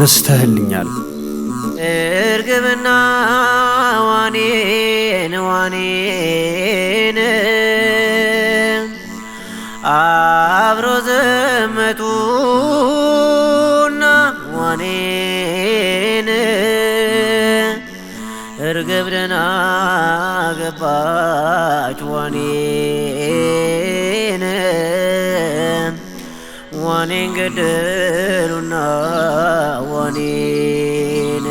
ረስተህልኛል። እርግብና ዋኔን ዋኔ ድሉና ወኔን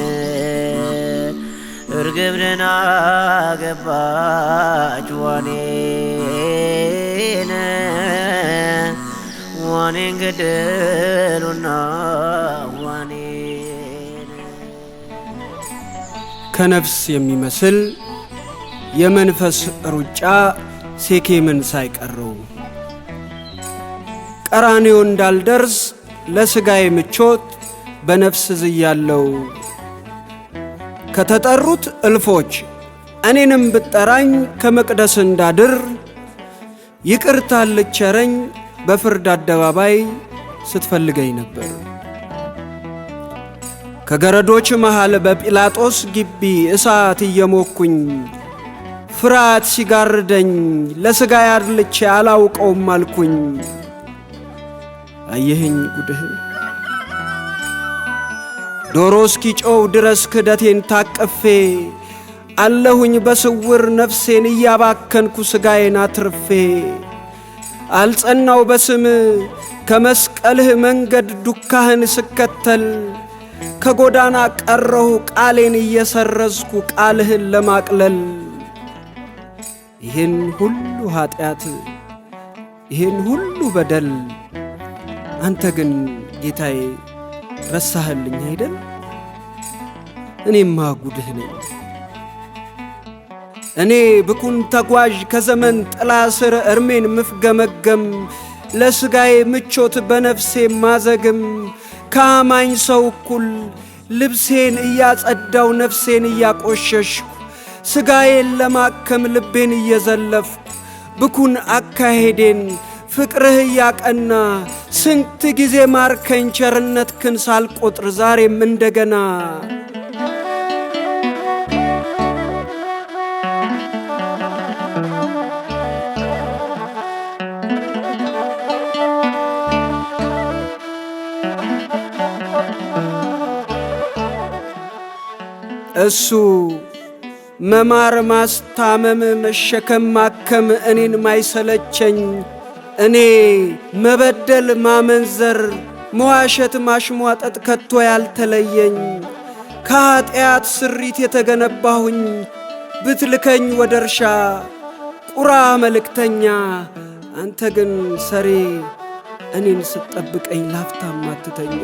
እርግብንን አገባች ወኔን ወኔን ግድሉና ወኔን ከነፍስ የሚመስል የመንፈስ ሩጫ ሴኬምን ሳይቀረው ቀራንዮ እንዳልደርስ ለስጋዬ ምቾት በነፍስ ዝያለው። ከተጠሩት እልፎች እኔንም ብጠራኝ ከመቅደስ እንዳድር ይቅርታ ልቸረኝ በፍርድ አደባባይ ስትፈልገኝ ነበር። ከገረዶች መሃል በጲላጦስ ግቢ እሳት እየሞኩኝ ፍርሃት ሲጋርደኝ ለሥጋ ያድልቼ አላውቀውም አልኩኝ። አየኸኝ ጉድህ ዶሮ እስኪ ጮው ድረስ ክደቴን ታቀፌ አለሁኝ በስውር ነፍሴን እያባከንኩ ሥጋዬን አትርፌ አልጸናው በስም ከመስቀልህ መንገድ ዱካህን ስከተል ከጎዳና ቀረሁ ቃሌን እየሰረዝኩ ቃልህን ለማቅለል ይህን ሁሉ ኀጢአት ይህን ሁሉ በደል አንተ ግን ጌታዬ ረሳህልኝ አይደል? እኔማ ጉድህ ነኝ። እኔ ብኩን ተጓዥ ከዘመን ጥላ ስር እርሜን ምፍገመገም ለሥጋዬ ምቾት በነፍሴ ማዘግም ከአማኝ ሰው እኩል ልብሴን እያጸዳው ነፍሴን እያቆሸሽሁ ሥጋዬን ለማከም ልቤን እየዘለፍ ብኩን አካሄዴን ፍቅርህ እያቀና ስንት ጊዜ ማርከኝ ክን ሳልቆጥር ዛሬም እንደገና እሱ መማር ማስታመም መሸከም ማከም እኔን ማይሰለቸኝ እኔ መበደል፣ ማመንዘር፣ መዋሸት፣ ማሽሟጠጥ ከቶ ያልተለየኝ ከኀጢአት ስሪት የተገነባሁኝ ብትልከኝ ወደ እርሻ ቁራ መልእክተኛ፣ አንተ ግን ሰሬ እኔን ስትጠብቀኝ ላፍታም አትተኛ።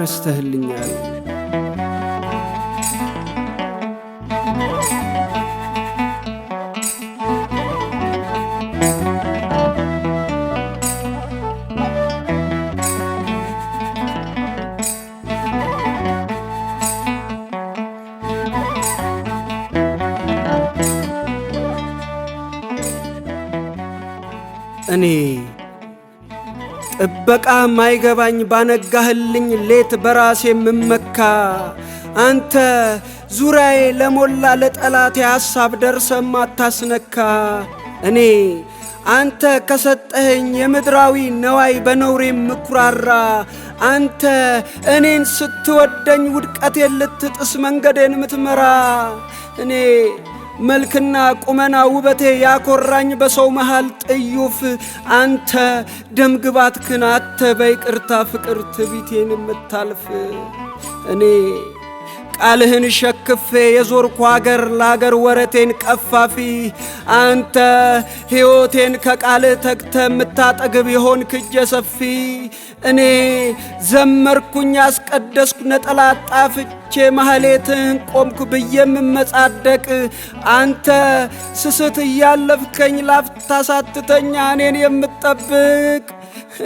ረስተህልኛል እኔ ጥበቃ ማይገባኝ ባነጋህልኝ ሌት በራሴ የምመካ አንተ ዙሪያዬ ለሞላ ለጠላቴ ሐሳብ ደርሰም አታስነካ እኔ አንተ ከሰጠኸኝ የምድራዊ ነዋይ በነውሬ ምኩራራ አንተ እኔን ስትወደኝ ውድቀቴን ልትጥስ መንገዴን ምትመራ እኔ መልክና ቁመና ውበቴ ያኮራኝ በሰው መሃል ጥዩፍ አንተ ደምግባትክን አተ በይቅርታ ፍቅር ትቢቴን የምታልፍ እኔ ቃልህን ሸክፌ የዞርኩ አገር ለአገር ወረቴን ቀፋፊ አንተ ሕይወቴን ከቃልህ ተግተ የምታጠግብ የሆንክ እጀ ሰፊ እኔ ዘመርኩኝ አስቀደስኩ ነጠላ ጣፍቼ ማህሌትን ቆምኩ ብዬ የምመጻደቅ አንተ ስስት እያለፍከኝ ላፍታ ሳትተኛ እኔን የምጠብቅ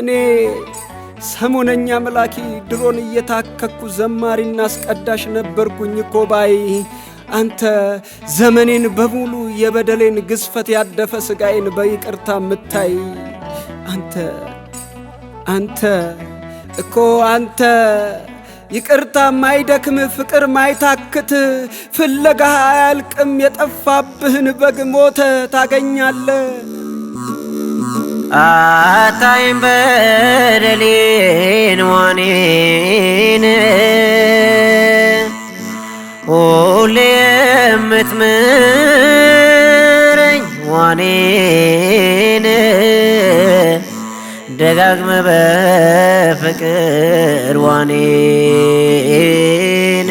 እኔ ሰሞነኛ መላኪ ድሮን እየታከኩ ዘማሪና አስቀዳሽ ነበርኩኝ ኮባይ አንተ ዘመኔን በሙሉ የበደሌን ግዝፈት ያደፈ ስጋዬን በይቅርታ ምታይ አንተ አንተ እኮ አንተ ይቅርታ ማይደክም ፍቅር ማይታክት ፍለጋህ አያልቅም የጠፋብህን በግ ሞተ ታገኛለ አታይም በደሌን ዋኔን ሁሌ የምትምረኝ ዋኔን ደጋግመ በፍቅር ዋኔን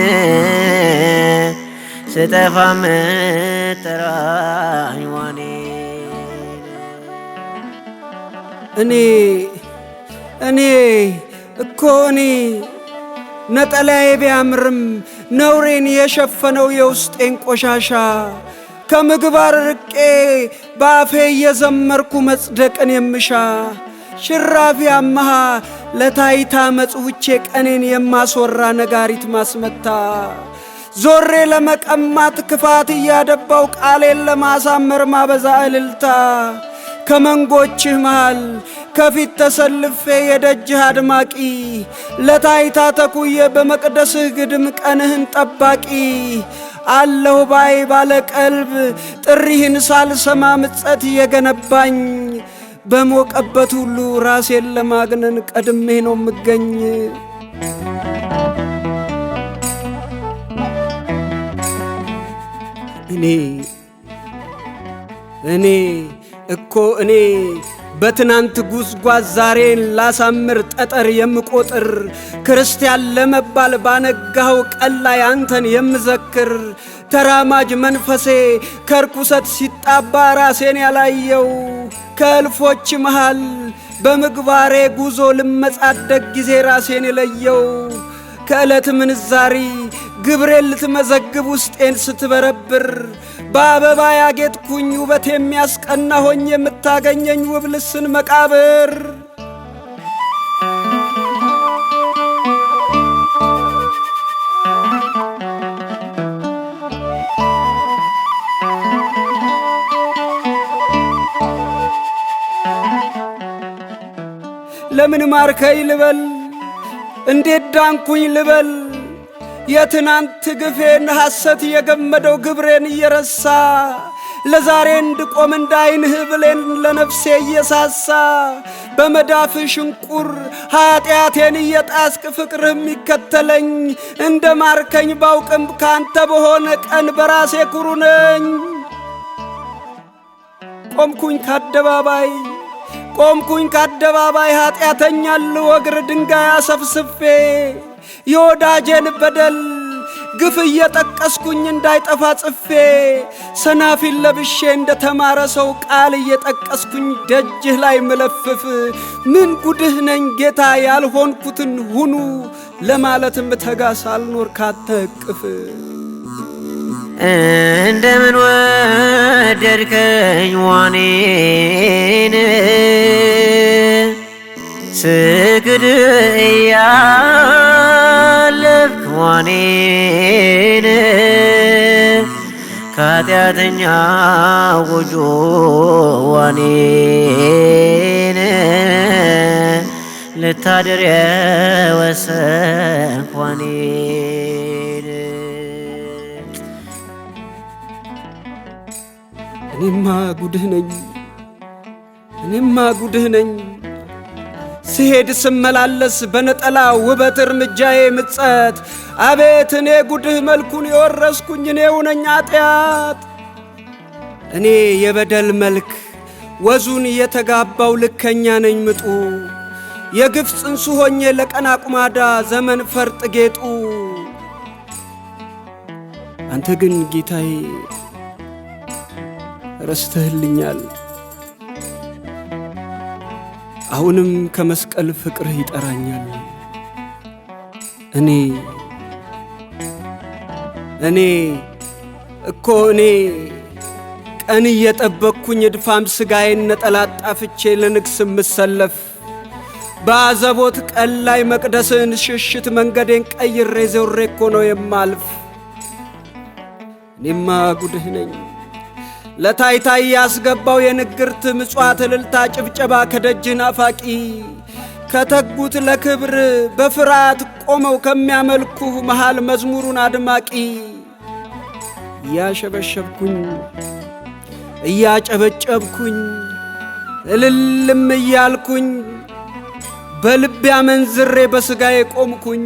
ስጠፋ መጠራኝ ዋኔ እኔ እኔ እኮ እኔ ነጠላዬ ቢያምርም ነውሬን የሸፈነው የውስጤን ቆሻሻ ከምግባር ርቄ በአፌ እየዘመርኩ መጽደቅን የምሻ ሽራፊ አመሃ ለታይታ መጽውቼ ቀኔን የማስወራ ነጋሪት ማስመታ ዞሬ ለመቀማት ክፋት እያደባው ቃሌን ለማሳመር ማበዛ እልልታ ከመንጎችህ መሃል ከፊት ተሰልፌ የደጅህ አድማቂ ለታይታ ተኩዬ በመቅደስህ ግድም ቀንህን ጠባቂ አለሁ ባይ ባለ ቀልብ ጥሪህን ሳልሰማ ምጸት የገነባኝ በሞቀበት ሁሉ ራሴን ለማግነን ቀድሜ ነው የምገኝ። እኔ እኔ እኮ እኔ በትናንት ጉዝጓዝ ዛሬን ላሳምር ጠጠር የምቆጥር ክርስቲያን ለመባል ባነጋኸው ቀን ላይ አንተን የምዘክር ተራማጅ መንፈሴ ከርኩሰት ሲጣባ ራሴን ያላየው ከእልፎች መሃል በምግባሬ ጉዞ ልመጻደቅ ጊዜ ራሴን የለየው ከዕለት ምንዛሪ ግብሬን ልትመዘግብ ውስጤን ስትበረብር በአበባ ያጌጥኩኝ ውበት የሚያስቀና ሆኝ የምታገኘኝ ውብ ልስን መቃብር ለምን ማርከኝ ልበል? እንዴት ዳንኩኝ ልበል? የትናንት ግፌን ሐሰት የገመደው ግብሬን እየረሳ ለዛሬ እንድቆም እንዳይንህ ብሌን ለነፍሴ እየሳሳ በመዳፍ ሽንቁር ኀጢአቴን እየጣስቅ ፍቅርህ የሚከተለኝ እንደ ማርከኝ ባውቅም ካንተ በሆነ ቀን በራሴ ኩሩ ነኝ። ቆምኩኝ ካደባባይ ቆምኩኝ ከአደባባይ ኀጢአተኛን ልወግር ድንጋይ አሰፍስፌ የወዳጄን በደል ግፍ እየጠቀስኩኝ እንዳይጠፋ ጽፌ ሰናፊን ለብሼ እንደ ተማረ ሰው ቃል እየጠቀስኩኝ ደጅህ ላይ ምለፍፍ ምን ጉድህ ነኝ ጌታ ያልሆንኩትን ሁኑ ለማለትም ብተጋ ሳልኖር ካተቅፍ እንደምን ወደድከኝ ዋኔን ስግድ እያለፍክ ዋኔን ከኃጢአተኛ ጎጆ ዋኔን ልታድር የወሰንክ ዋኔ እኔማ ጉድህ ነኝ እኔማ ጉድህ ነኝ ስሄድ ስመላለስ በነጠላ ውበት እርምጃዬ ምጸት አቤት እኔ ጉድህ መልኩን የወረስኩኝ እኔው ነኝ ኃጢአት እኔ የበደል መልክ ወዙን የተጋባው ልከኛ ነኝ ምጡ የግፍ ጽንሱ ሆኜ ለቀን አቁማዳ ዘመን ፈርጥ ጌጡ አንተ ግን ጌታዬ ረስተህልኛል። አሁንም ከመስቀል ፍቅርህ ይጠራኛል። እኔ እኔ እኮ እኔ ቀን እየጠበቅኩኝ እድፋም ሥጋዬን ነጠላጣፍቼ ለንግስ የምሰለፍ በአዘቦት ቀን ላይ መቅደስህን ሽሽት መንገዴን ቀይሬ ዘውሬ እኮ ነው የማልፍ። እኔማ ጉድህ ነኝ። ለታይታይ ያስገባው የንግርት ምጽዋት እልልታ ጭብጨባ ከደጅ ናፋቂ ከተግቡት ለክብር በፍርሃት ቆመው ከሚያመልኩ መሃል መዝሙሩን አድማቂ እያሸበሸብኩኝ እያጨበጨብኩኝ እልልም እያልኩኝ በልቤ አመንዝሬ በሥጋዬ ቆምኩኝ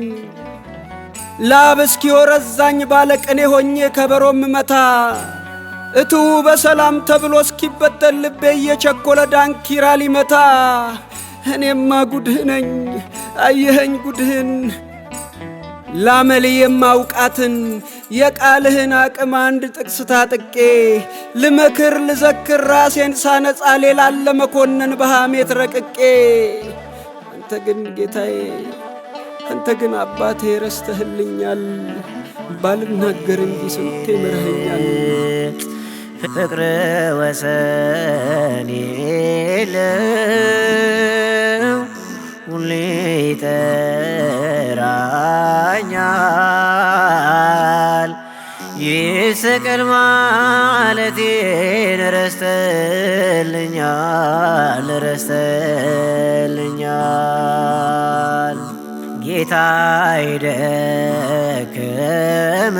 ላብ እስኪወረዛኝ ባለቅኔ ሆኜ ከበሮም መታ እቱ በሰላም ተብሎ እስኪበጠል ልቤ እየቸኮለ ዳንኪራ ሊመታ እኔማ ጉድህ ነኝ አየኸኝ ጉድህን ላመል የማውቃትን የቃልህን አቅም አንድ ጥቅስ ታጥቄ ልመክር ልዘክር ራሴን ሳነጻ ሌላን ለመኮንን በሐሜት ረቅቄ አንተ ግን ጌታዬ አንተ ግን አባቴ ረስተህልኛል ባልናገር እንጂ ስንቴ ምርህኛል ፍቅር ወሰን የለው ሁሌ ይጠራኛል። ይስቅል ማለቴን ረስተልኛል ረስተልኛል ጌታ አይደክምም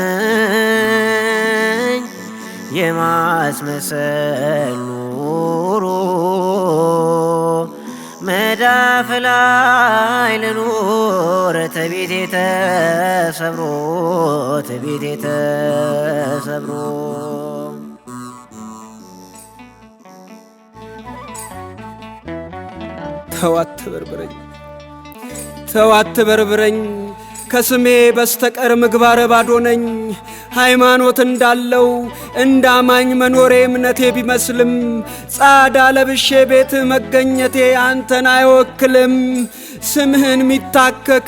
የማስመሰል ኑሮ መዳፍ ላይ ልኑር ትዕቢቴ ተሰብሮ ትዕቢቴ ተሰብሮ ተዋት አትበርብረኝ ተዋት አትበርብረኝ ከስሜ በስተቀር ምግባረ ባዶ ነኝ። ሃይማኖት እንዳለው እንደ አማኝ መኖሬ እምነቴ ቢመስልም ጻዳ ለብሼ ቤት መገኘቴ አንተን አይወክልም። ስምህን ሚታከክ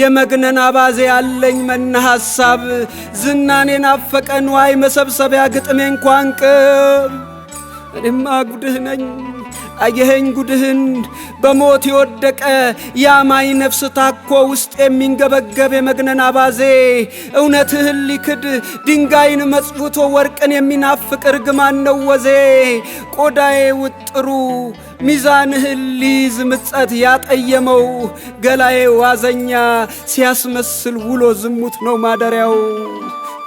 የመግነን አባዜ ያለኝ መና ሐሳብ ዝናኔን አፈቀን ዋይ መሰብሰቢያ ግጥሜ እንኳን ቅብ እኔማ ጉድህ ነኝ አየኸኝ ጉድህን በሞት የወደቀ የአማኝ ነፍስ ታኮ ውስጥ የሚንገበገብ የመግነን አባዜ እውነትህን ሊክድ ድንጋይን መጽውቶ ወርቅን የሚናፍቅ እርግማን ነው ወዜ። ቆዳዬ ውጥሩ ሚዛንህን ሊይዝ ምጸት ያጠየመው ገላዬ ዋዘኛ ሲያስመስል ውሎ ዝሙት ነው ማደሪያው።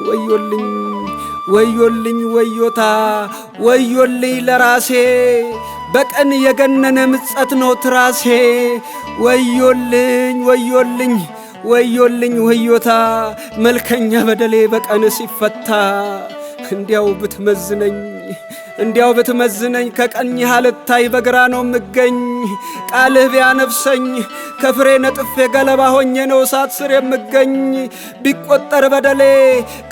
ወዮልኝ ወዮልኝ ወዮታ ወዮልኝ ለራሴ በቀን የገነነ ምጸት ነው ትራሴ ወዮልኝ ወዮልኝ ወዮልኝ ወዮታ መልከኛ በደሌ በቀን ሲፈታ እንዲያው ብትመዝነኝ እንዲያው ብትመዝነኝ ከቀኝ አልታይ በግራ ነው የምገኝ። ቃልህ ቢያነፍሰኝ ከፍሬ ነጥፌ ገለባ ሆኜ ነው እሳት ስር የምገኝ። ቢቆጠር በደሌ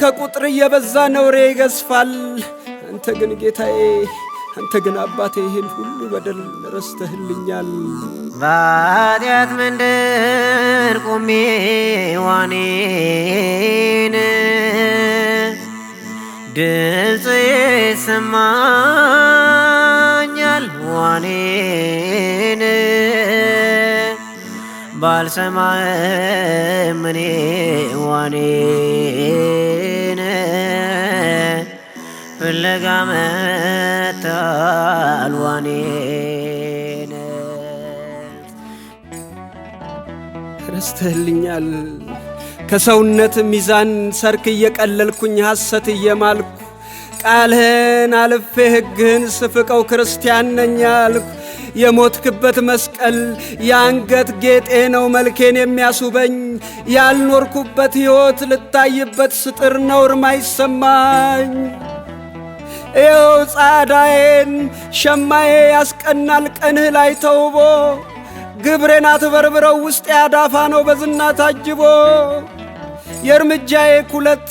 ከቁጥር እየበዛ ነውሬ ይገዝፋል። አንተ ግን ጌታዬ፣ አንተ ግን አባቴ ይህን ሁሉ በደል ረስተህልኛል። ባጢአት መንደር ቆሜ ዋኔን ድምፅ ይሰማኛል ዋኔን ባልሰማህም እኔ ዋኔን ፍለጋ መታል ዋኔን ረስተህልኛል ከሰውነት ሚዛን ሰርክ እየቀለልኩኝ ሐሰት እየማልኩ ቃልህን አልፌ ሕግህን ስፍቀው ክርስቲያን ነኝ አልኩ። የሞትክበት መስቀል የአንገት ጌጤ ነው መልኬን የሚያስውበኝ። ያልኖርኩበት ሕይወት ልታይበት ስጥር ነውር ማይሰማኝ ይኸው ጻዳዬን ሸማዬ ያስቀናል ቀንህ ላይ ተውቦ ግብሬን አትበርብረው ውስጤ አዳፋ ነው በዝና ታጅቦ የእርምጃዬ ኩለት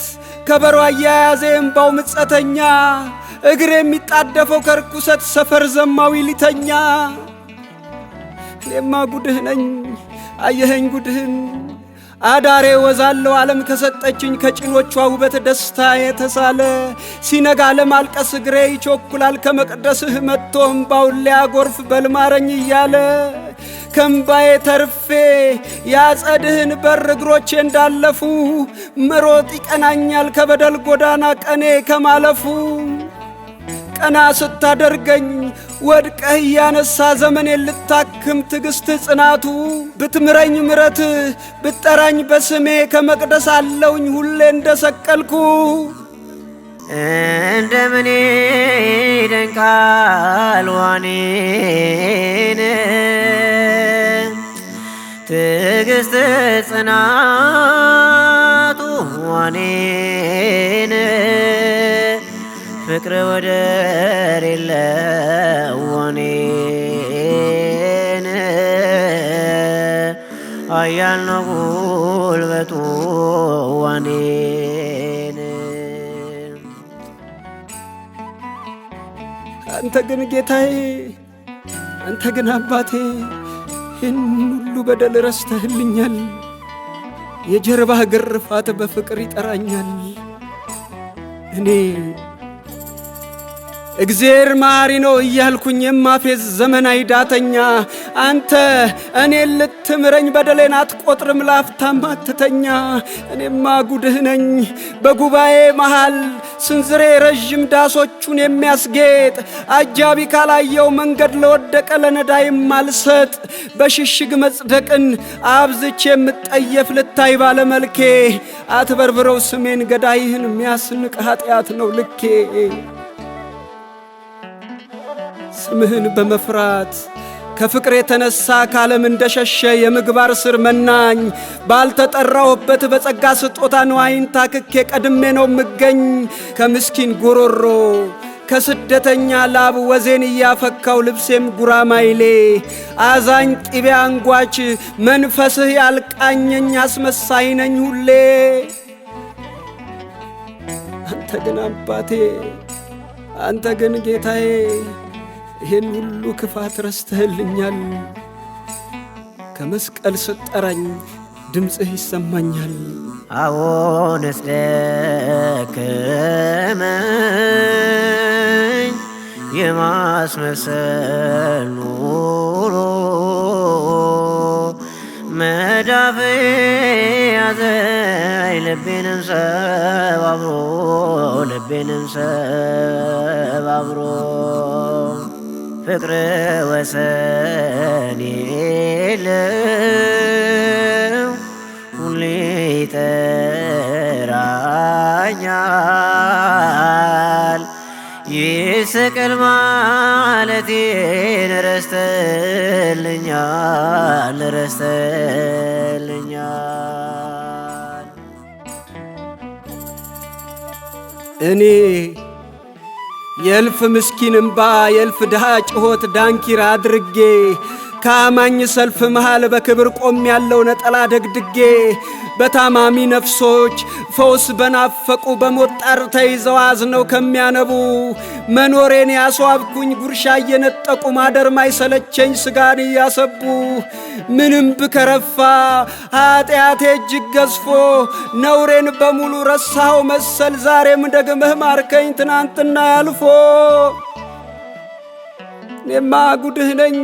ከበሮ አያያዜ እምባው ምጸተኛ እግር የሚጣደፈው ከርኩሰት ሰፈር ዘማዊ ሊተኛ እኔማ ጉድህ ነኝ አየኸኝ ጉድህን አዳሬ ወዛለው ዓለም ከሰጠችኝ ከጭኖቿ ውበት ደስታ የተሳለ ሲነጋ ለማልቀስ እግሬ ይቾኩላል ከመቅደስህ መጥቶ እምባውን ሊያጎርፍ በልማረኝ እያለ ከምባዬ ተርፌ ያጸድህን በር እግሮቼ እንዳለፉ መሮጥ ይቀናኛል ከበደል ጎዳና ቀኔ ከማለፉ ቀና ስታደርገኝ ወድቀህ እያነሳ ዘመኔ ልታክም ትዕግሥት ጽናቱ ብትምረኝ ምረት ብጠራኝ በስሜ ከመቅደስ አለውኝ ሁሌ እንደሰቀልኩ እንደምኔ ይደንቃል ዋኔን ትዕግስት ጽናቱ ዋኔን ፍቅር ወደር የለው ዋኔን አያል ነው ጉልበቱ ዋኔን አንተ ግን ጌታዬ አንተ ግን አባቴ ይህን ሁሉ በደል ረስተህልኛል። የጀርባህ ግርፋት በፍቅር ይጠራኛል እኔ እግዜር ማሪ ነው እያልኩኝ የማፌዝ ዘመን አይዳተኛ አንተ እኔ ልትምረኝ በደሌን አትቆጥርም ላፍታም አትተኛ። እኔማ ጉድህ ነኝ በጉባኤ መሃል ስንዝሬ ረዥም ዳሶቹን የሚያስጌጥ አጃቢ ካላየው መንገድ ለወደቀ ለነዳይ ማልሰጥ በሽሽግ መጽደቅን አብዝቼ የምጠየፍ ልታይ ባለመልኬ አትበርብረው ስሜን ገዳይህን የሚያስንቅ ኃጢአት ነው ልኬ ስምህን በመፍራት ከፍቅር የተነሳ ከዓለም እንደሸሸ የምግባር ስር መናኝ ባልተጠራሁበት በጸጋ ስጦታ ንዋይን ታክኬ ቀድሜ ነው ምገኝ ከምስኪን ጎሮሮ ከስደተኛ ላብ ወዜን እያፈካው ልብሴም ጉራማይሌ አዛኝ ቂቤ አንጓች መንፈስህ ያልቃኘኝ አስመሳይ ነኝ ሁሌ። አንተ ግን አባቴ፣ አንተ ግን ጌታዬ ይህን ሁሉ ክፋት ረስተህልኛል። ከመስቀል ስጠራኝ ድምፅህ ይሰማኛል። አዎን እስደከመኝ የማስመሰል ኑሮ መዳፍ ያዘኝ ልቤንም ሰባብሮ ልቤንም ሰባብሮ ፍቅር ወሰን የለው ሁሌ ይጠራኛል። ይስቅል ማለቴን ረስተልኛል ረስተልኛል እኔ የእልፍ ምስኪን እምባ የእልፍ ድሃ ጭሆት ዳንኪራ አድርጌ ከአማኝ ሰልፍ መሃል በክብር ቆም ያለው ነጠላ ደግድጌ በታማሚ ነፍሶች ፈውስ በናፈቁ በሞት ጣር ተይዘው አዝነው ከሚያነቡ መኖሬን ያስዋብኩኝ ጉርሻ እየነጠቁ ማደር ማይሰለቸኝ ስጋን እያሰቡ ምንም ብከረፋ ኃጢአቴ እጅግ ገዝፎ ነውሬን በሙሉ ረሳኸው መሰል ዛሬም ደግመህ ማርከኝ ትናንትና ያልፎ እኔማ ጉድህ ነኝ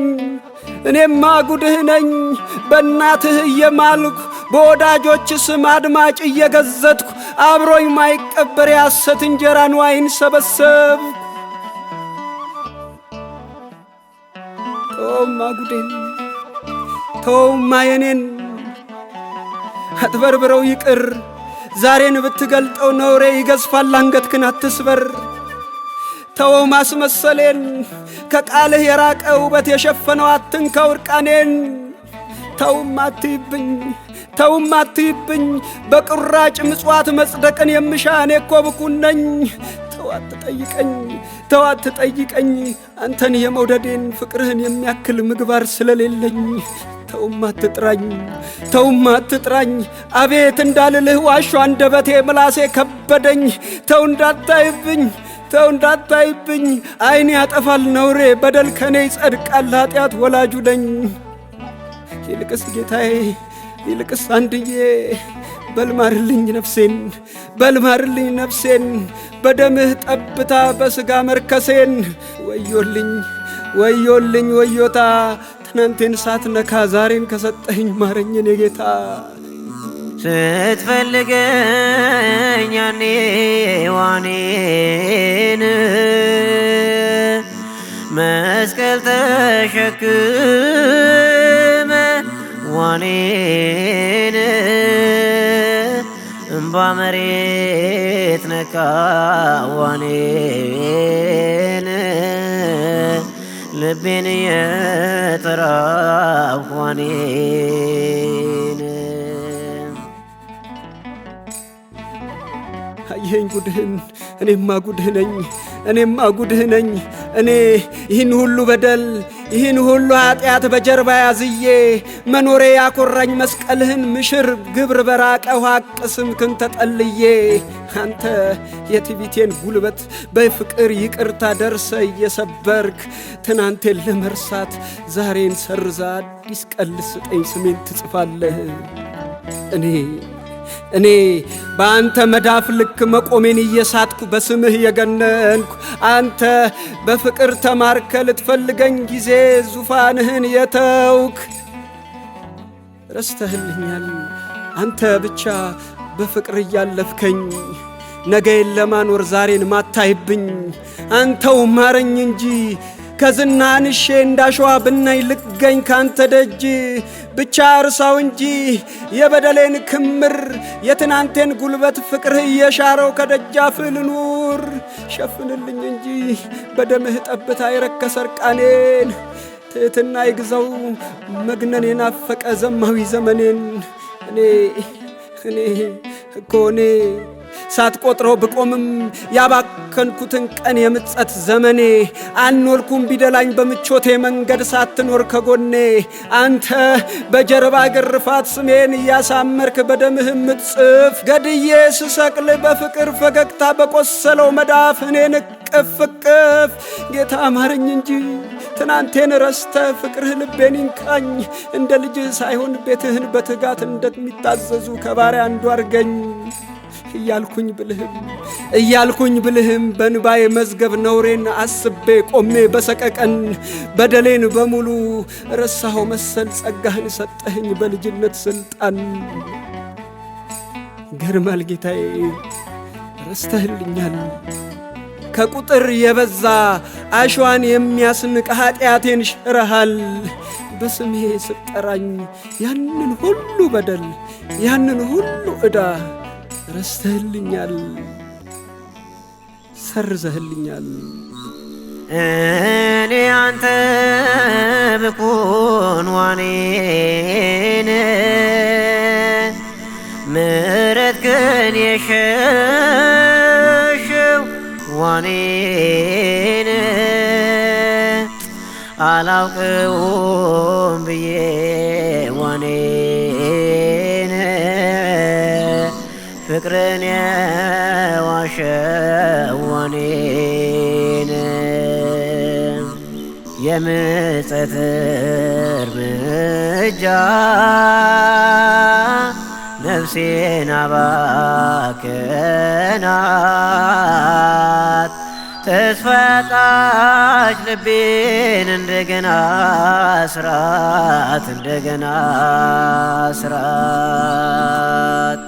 እኔማ ጉድህ ነኝ በእናትህ እየማልኩ በወዳጆች ስም አድማጭ እየገዘትኩ አብሮኝ ማይቀበር ያሰት እንጀራን ዋይን ሰበሰብ ተውማ ጉዴን ተውማ የኔን አትበርብረው ይቅር ዛሬን ብትገልጠው ነውሬ ይገዝፋል አንገትክን አትስበር ተወው ማስመሰሌን ከቃልህ የራቀ ውበት የሸፈነው አትንከው እርቃኔን። ተውም አትይብኝ ተውም አትይብኝ በቁራጭ ምጽዋት መጽደቅን የምሻ እኔ እኮ ብኩን ነኝ። ተው አትጠይቀኝ ተው አትጠይቀኝ አንተን የመውደዴን ፍቅርህን የሚያክል ምግባር ስለሌለኝ ተውም አትጥራኝ ተውም አትጥራኝ አቤት እንዳልልህ ዋሾ አንደበቴ ምላሴ ከበደኝ ተው እንዳታይብኝ ተው እንዳታይብኝ፣ አይን ያጠፋል ነውሬ፣ በደል ከኔ ይጸድቃል ኃጢአት ወላጁ ነኝ። ይልቅስ ጌታዬ፣ ይልቅስ አንድዬ በልማርልኝ ነፍሴን፣ በልማርልኝ ነፍሴን፣ በደምህ ጠብታ በሥጋ መርከሴን። ወዮልኝ ወዮልኝ፣ ወዮታ ትናንቴን ሳትነካ ዛሬን ከሰጠኝ ማረኝን የጌታ ست ستفلقني عنوانين مسكل تشكم وانين بامريت نكا وانين لبين يترى وانين ይሄን ጉድህን እኔማ ጉድህ ነኝ እኔማ ጉድህ ነኝ እኔ ይህን ሁሉ በደል ይህን ሁሉ ኃጢአት በጀርባ ያዝዬ መኖሬ ያኮራኝ መስቀልህን ምሽር ግብር በራቀው ሐቅ ስምክን ተጠልዬ አንተ የትቢቴን ጉልበት በፍቅር ይቅርታ ደርሰ እየሰበርክ ትናንቴን ለመርሳት ዛሬን ሰርዛ አዲስ ቀልስ ስጠኝ ስሜን ትጽፋለህ እኔ እኔ በአንተ መዳፍ ልክ መቆሜን እየሳትኩ በስምህ የገነንኩ አንተ በፍቅር ተማርከ ልትፈልገኝ ጊዜ ዙፋንህን የተውክ ረስተህልኛል። አንተ ብቻ በፍቅር እያለፍከኝ ነገዬን ለማኖር ዛሬን ማታይብኝ አንተው ማረኝ እንጂ ከዝና ንሼ እንዳሸዋ ብናኝ ልገኝ ካንተ ደጅ ብቻ እርሳው እንጂ የበደሌን ክምር የትናንቴን ጉልበት ፍቅርህ እየሻረው ከደጃፍ ልኑር። ሸፍንልኝ እንጂ በደምህ ጠብታ የረከሰ እርቃኔን ትሕትና ይግዛው መግነን የናፈቀ ዘማዊ ዘመኔን እኔ እኔ እኮ እኔ ሳትቆጥረው ብቆምም ያባከንኩትን ቀን የምጸት ዘመኔ አኖልኩም ቢደላኝ በምቾቴ መንገድ ሳትኖር ከጎኔ አንተ በጀርባ ግርፋት ስሜን እያሳመርክ በደምህ ምጽፍ ገድዬ ስሰቅል በፍቅር ፈገግታ በቆሰለው መዳፍ እኔን እቅፍ እቅፍ ጌታ አማረኝ እንጂ ትናንቴን ረስተ ፍቅርህ ልቤን ይንቃኝ እንደ ልጅህ ሳይሆን ቤትህን በትጋት እንደሚታዘዙ ከባሪያ አንዱ አርገኝ። እያልኩኝ ብልህም እያልኩኝ ብልህም በንባዬ መዝገብ ነውሬን አስቤ ቆሜ በሰቀቀን በደሌን በሙሉ ረሳኸው መሰል ጸጋህን ሰጠህኝ በልጅነት ስልጣን ገርማል ጌታዬ ረስተህልኛል ከቁጥር የበዛ አሸዋን የሚያስንቅ ኃጢአቴን ሽረሃል። በስሜ ስጠራኝ ያንን ሁሉ በደል ያንን ሁሉ ዕዳ ረስተህልኛል፣ ሰርዘህልኛል። እኔ አንተ ብኩን ዋኔን ምረት ግን የሸሽው ዋኔን አላውቅውም ብዬ ዋኔ ፍቅርን የዋሸው የምጸት እርምጃ ነፍሴን አባክናት! ተስፋ ያጣች ልቤን እንደገና ስራት እንደገና ስራት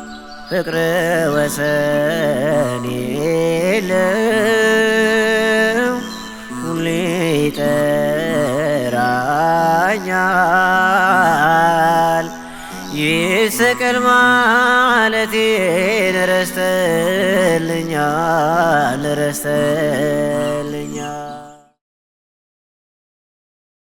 ፍቅር ወሰን የለው ሁሌ ይጠራኛል። ይስቅል ማለቴን ረስተልኛል ረስተል